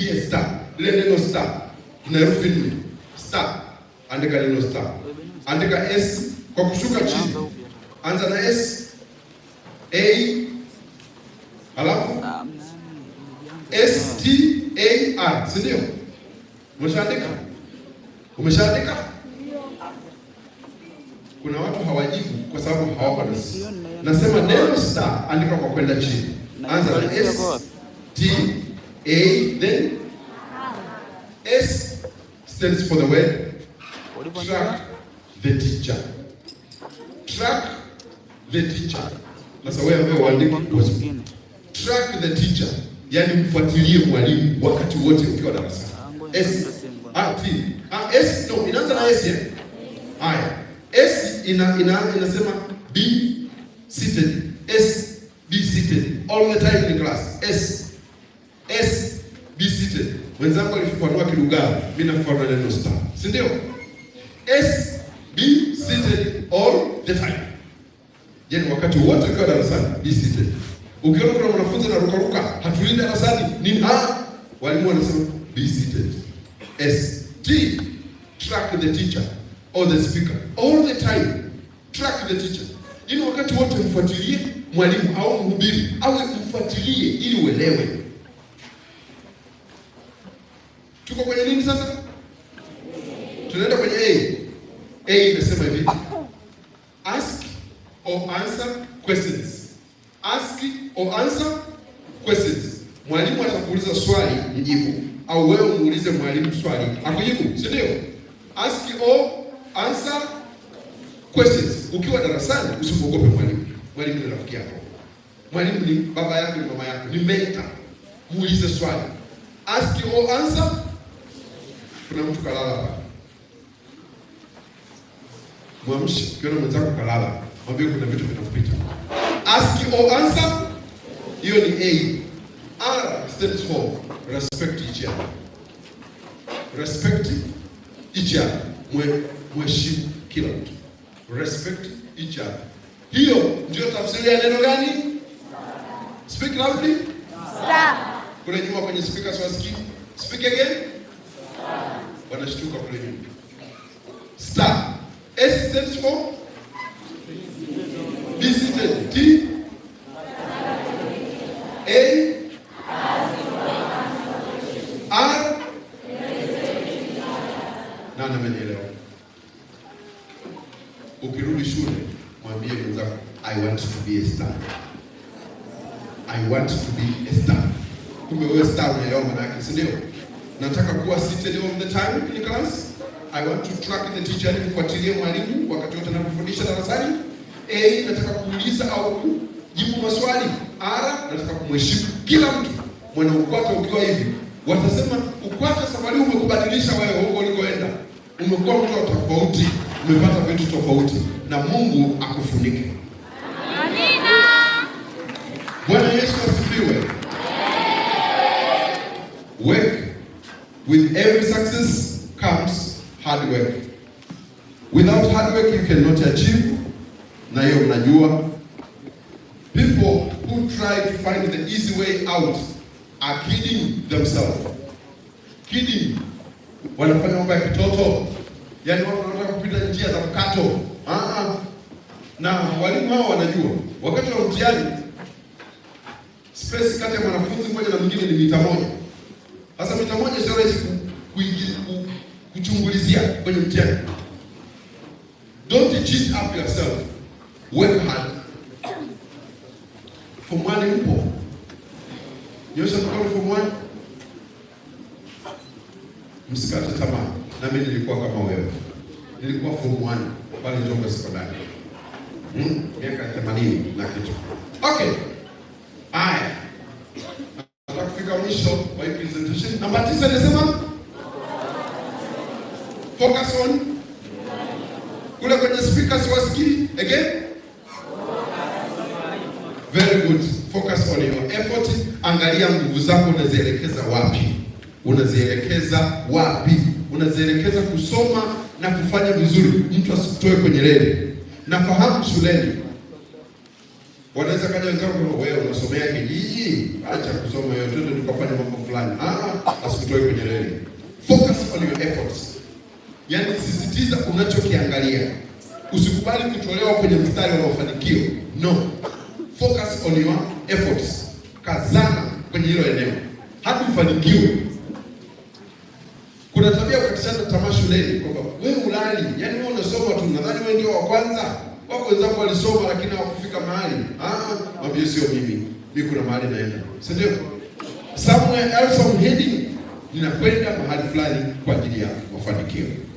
Ile star, ile neno star na herufi nne. Star, andika neno star, andika S kwa kushuka chini, anza na S A, halafu S T A R, si ndio? Umeshaandika? Umeshaandika? Kuna watu hawajibu kwa sababu hawako na nasema neno star, andika kwa kwenda chini, anza na S T A, then S stands for the word track the teacher. Track the teacher. That's the way I'm going to track the teacher, yani mfuatilie mwalimu wakati wote ukiwa darasani. S. Ah, T. Ah, S no, inaanza na S. Haya. S ina ina inasema be seated. S be seated all the time in the class. S yes, be seated. Wenzangu walifafanua kilugha, mimi nafafanua neno star, si ndio? Yes, be seated all the time. Yaani wakati wote ukiwa darasani, be seated. Ukiona kuna wanafunzi na ruka ruka, hatulii darasani, ni Ah, walimu wanasema be seated. S T track the teacher or the speaker all the time. Track the teacher. Yaani wakati wote mfuatilie mwalimu au mhubiri, awe mfuatilie ili uelewe. tuko kwenye nini sasa? Tunaenda kwenye A. A inasema hivi. Ask or answer questions. Ask or answer questions. Mwalimu atakuuliza swali, mjibu. Au wewe muulize mwalimu swali, akujibu, si ndio? Ask or answer questions. Ukiwa darasani usimuogope mwalimu. Mwalimu ni rafiki yako. Mwalimu ni baba yako, ni mama yako, ni mentor. Muulize swali. Ask or answer kuna mtu kalala hapa, mwamshe. Ukiona mwenzako kalala, mwambie kuna vitu vinakupita. Ask or answer, hiyo ni A. R stands for respect each other, respect each other, mheshimu kila mtu, respect each other. Hiyo ndio tafsiri ya neno gani? Speak loudly. Kuna nyuma kwenye speaker, so aski speak again wanashtuka kule nyuma. Star. S stands for visited. T. A R nani amenielewa? Ukirudi shule mwambie mwenzako I want to be a star. I want to be a star. Kumbe wewe star unaelewa maana yake, si ndio? nataka kuwa seated all the time in class. I want to track the teacher, ni kufuatilia mwalimu wakati wote anapofundisha darasani. A, nataka kuuliza au kujibu maswali. R, nataka kumheshimu kila mtu. Mwana UKWATA ukiwa hivi, watasema UKWATA safari umekubadilisha wewe huko ulikoenda. Umekuwa mtu tofauti, umepata vitu tofauti na Mungu akufunike. Amina. Bwana Yesu asifiwe. Wewe With every success comes hard work. Without hard work you cannot achieve, na hiyo mnajua. People who try to find the easy way out are kidding themselves. Kidding. Wanafanya mambo ya kitoto, yaani watu wanataka kupita njia za mkato. Ah, na walimu hao wanajua wakati wa mtihani space kati ya mwanafunzi mmoja na mwingine ni mita moja sasa mita moja sio rahisi kuingia kuchungulizia kwenye mtihani. Don't cheat up yourself. Work hard form one mpo nyosha mkono form one, msikate tamaa. Na mimi nilikuwa kama wewe, nilikuwa form one pale Njombe sekondari hmm? miaka 80 na kitu. Okay. Focus on kule kwenye speaker siwasikii. Again, very good. Focus on your effort. Angalia nguvu zako unazielekeza wapi, unazielekeza wapi, unazielekeza kusoma na kufanya vizuri, mtu asikutoe kwenye reli. Nafahamu shuleni wanaweza kaja wenzako, oh, wewe unasomea kijiji, acha kusoma yote, tukafanya mambo fulani. Ah, asikutoe kwenye reli. Focus on your efforts. Yaani sisitiza unachokiangalia, usikubali kutolewa kwenye mstari wa mafanikio. No, focus on your efforts, kazana kwenye hilo eneo hadi ufanikiwe. Kuna tabia ya ukatishana tamaa shuleni kwamba wewe ulali, yaani wewe unasoma tu, nadhani wewe ndio wa kwanza. Wako wenzako walisoma lakini hawakufika mahali. Ah, mwambie sio mimi, mimi kuna mahali naenda, si ndio? Somewhere else I'm heading, ninakwenda mahali fulani kwa ajili ya mafanikio.